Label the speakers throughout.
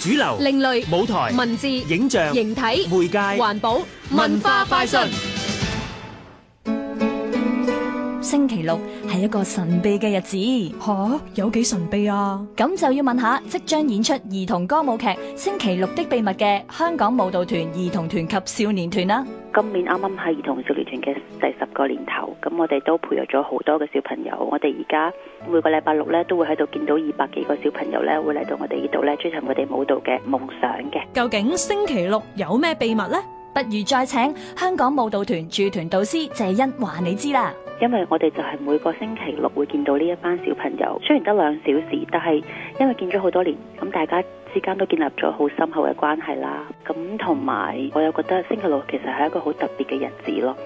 Speaker 1: 主流、另類、舞台、文字、影像、形體、媒介、環保、文
Speaker 2: 化快訊。
Speaker 1: 星期六係一個神秘嘅日子，吓，有幾神秘啊？咁就要問下即將演出兒童歌舞劇《星期六的秘密》嘅香港舞蹈團兒童團及少年團啦。
Speaker 2: 今年啱啱係兒童少年團嘅第十個年頭，咁我哋都培育咗好多嘅小朋友。我哋而家每個禮拜六咧，都會喺度見到二百幾個小朋友咧，會嚟到我哋呢度咧，追尋佢哋舞蹈嘅夢想嘅。
Speaker 1: 究竟星期六有咩秘密呢？不如再請香港舞蹈團駐團導師謝欣話你知啦，
Speaker 2: 因為我哋就係每個星期六會見到呢一班小朋友，雖然得兩小時，但係因為見咗好多年，咁大家之間都建立咗好深厚嘅關係啦。咁同埋我又覺得星期六其實係一個好特別嘅日子咯。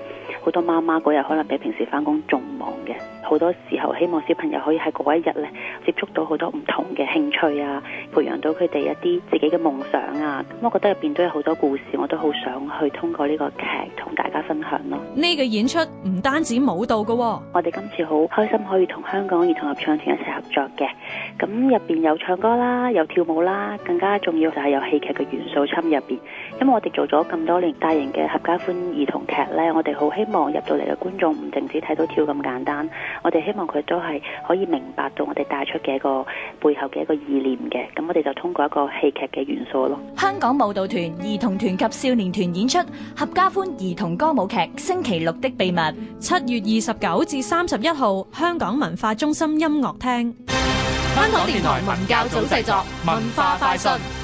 Speaker 2: 好多媽媽嗰日可能比平時返工仲忙嘅，好多時候希望小朋友可以喺嗰一日咧接觸到好多唔同嘅興趣啊，培養到佢哋一啲自己嘅夢想啊。咁、嗯、我覺得入邊都有好多故事，我都好想去通過呢個劇同大家分享咯。
Speaker 1: 呢個演出唔單止舞蹈嘅、哦，
Speaker 2: 我哋今次好開心可以同香港兒童合唱團一齊合作嘅。咁入邊有唱歌啦，有跳舞啦，更加重要就係有戲劇嘅元素滲入入邊。因為我哋做咗咁多年大型嘅合家歡兒童劇咧，我哋好希望入到嚟嘅觀眾唔淨止睇到跳咁簡單，我哋希望佢都係可以明白到我哋帶出嘅一個背後嘅一個意念嘅，咁我哋就通過一個戲劇嘅元素咯。
Speaker 1: 香港舞蹈團兒童團及少年團演出合家歡兒童歌舞劇《星期六的秘密》，七月二十九至三十一號，香港文化中心音樂廳。香港電台文教組製作文化快訊。